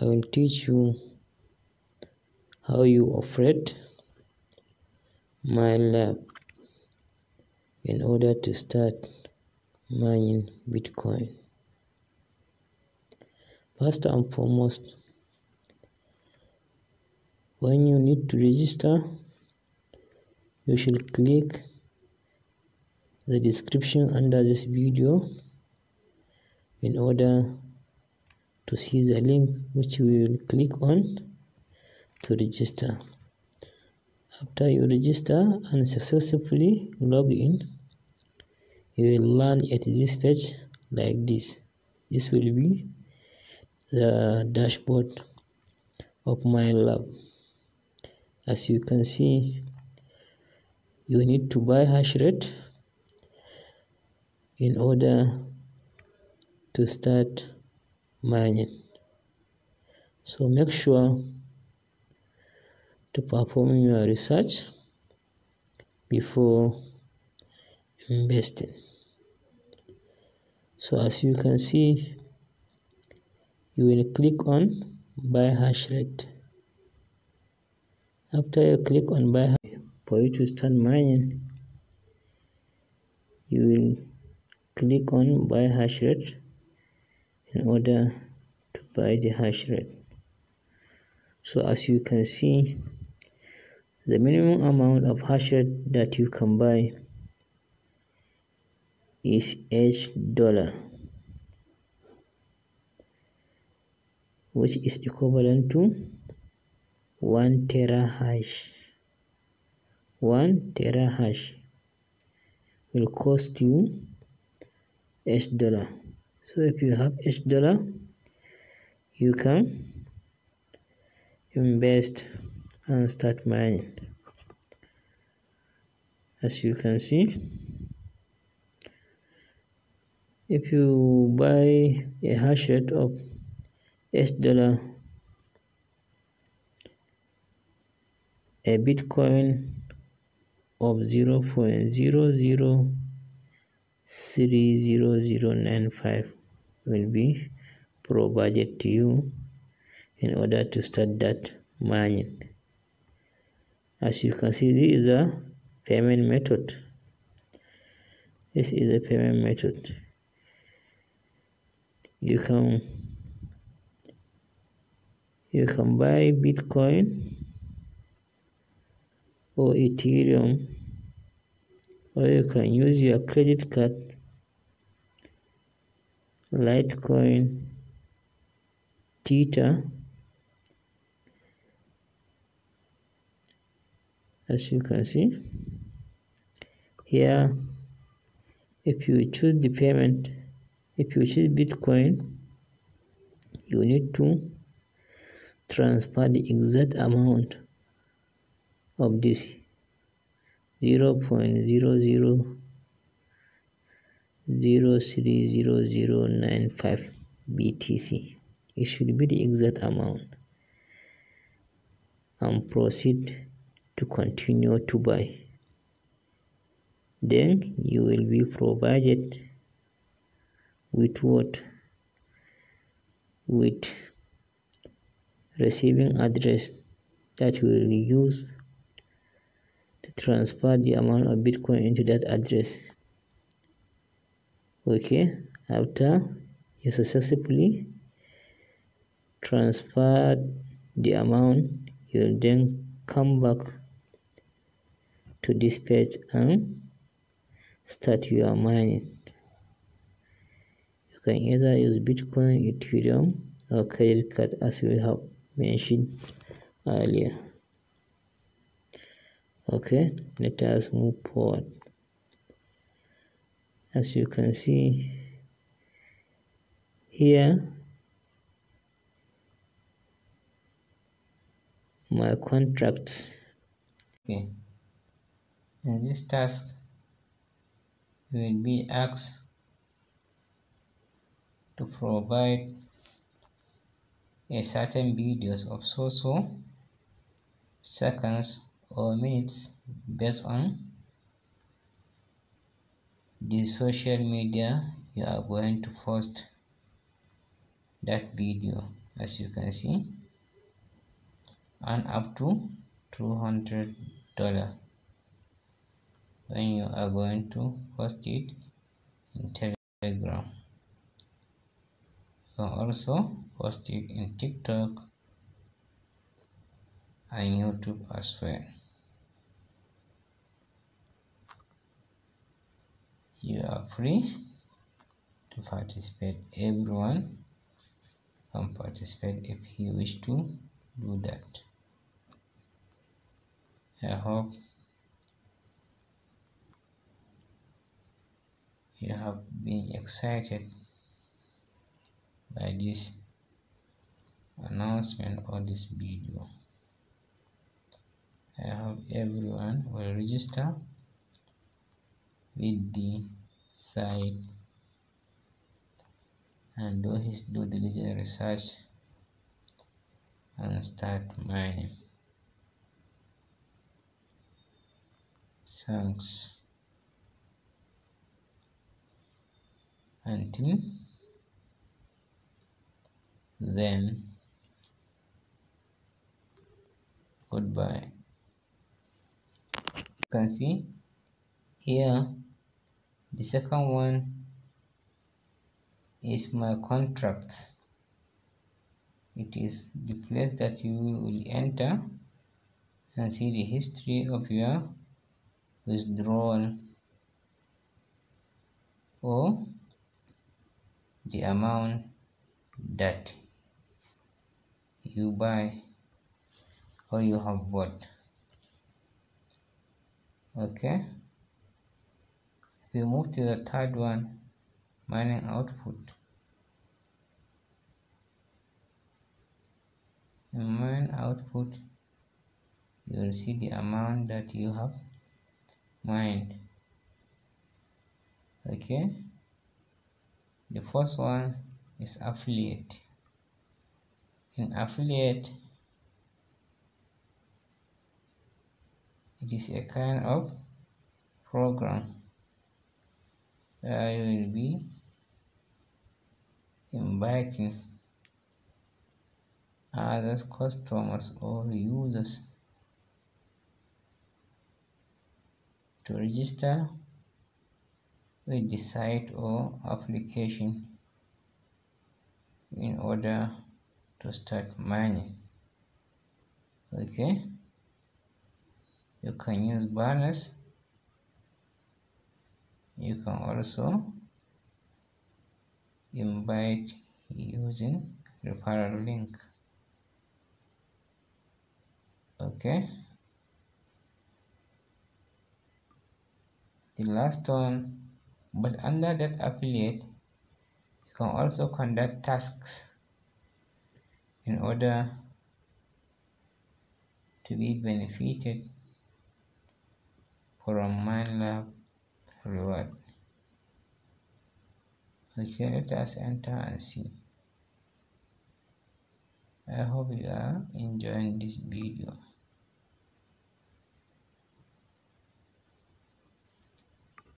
I will teach you how you operate my lab in order to start mining Bitcoin. First and foremost, when you need to register, you should click the description under this video in order to see the link which we will click on to register after you register and successfully log in you will land at this page like this this will be the dashboard of my lab as you can see you need to buy hash rate in order to start mining so make sure to perform your research before investing so as you can see you will click on buy hash rate after you click on buy hash rate, for you to start mining you will click on buy hash rate in order to buy the hash rate so as you can see the minimum amount of hash rate that you can buy is H dollar which is equivalent to 1 tera hash 1 tera hash will cost you H dollar so if you have each dollar you can invest and start mining as you can see if you buy a hash rate of eight dollar a bitcoin of 0.00 Three zero zero nine five will be provided to you in order to start that mining as you can see this is a payment method this is a payment method you can you can buy bitcoin or ethereum or you can use your credit card litecoin theta as you can see here if you choose the payment if you choose bitcoin you need to transfer the exact amount of this zero point zero zero zero three zero zero nine five BTC. It should be the exact amount and proceed to continue to buy. Then you will be provided with what? With receiving address that will use transfer the amount of bitcoin into that address okay after you successfully transfer the amount you'll then come back to this page and start your mining you can either use bitcoin ethereum or credit card as we have mentioned earlier okay let us move forward as you can see here my contracts okay in this task you will be asked to provide a certain videos of so so seconds or minutes based on the social media you are going to post that video as you can see and up to 200 dollar when you are going to post it in telegram you can also post it in tiktok and youtube as well you are free to participate everyone can participate if he wish to do that I hope you have been excited by this announcement or this video I hope everyone will register with the site and do his due diligence research and start mining. Thanks. Until then, goodbye. You can see here the second one is my contract it is the place that you will enter and see the history of your withdrawal or the amount that you buy or you have bought okay we move to the third one mining output in mine output you will see the amount that you have mined okay the first one is affiliate in affiliate it is a kind of program I will be inviting other customers or users to register with the site or application in order to start mining okay you can use banners you can also invite using referral link okay the last one but under that affiliate you can also conduct tasks in order to be benefited from lab reward. Okay, let us enter and see. I hope you are enjoying this video.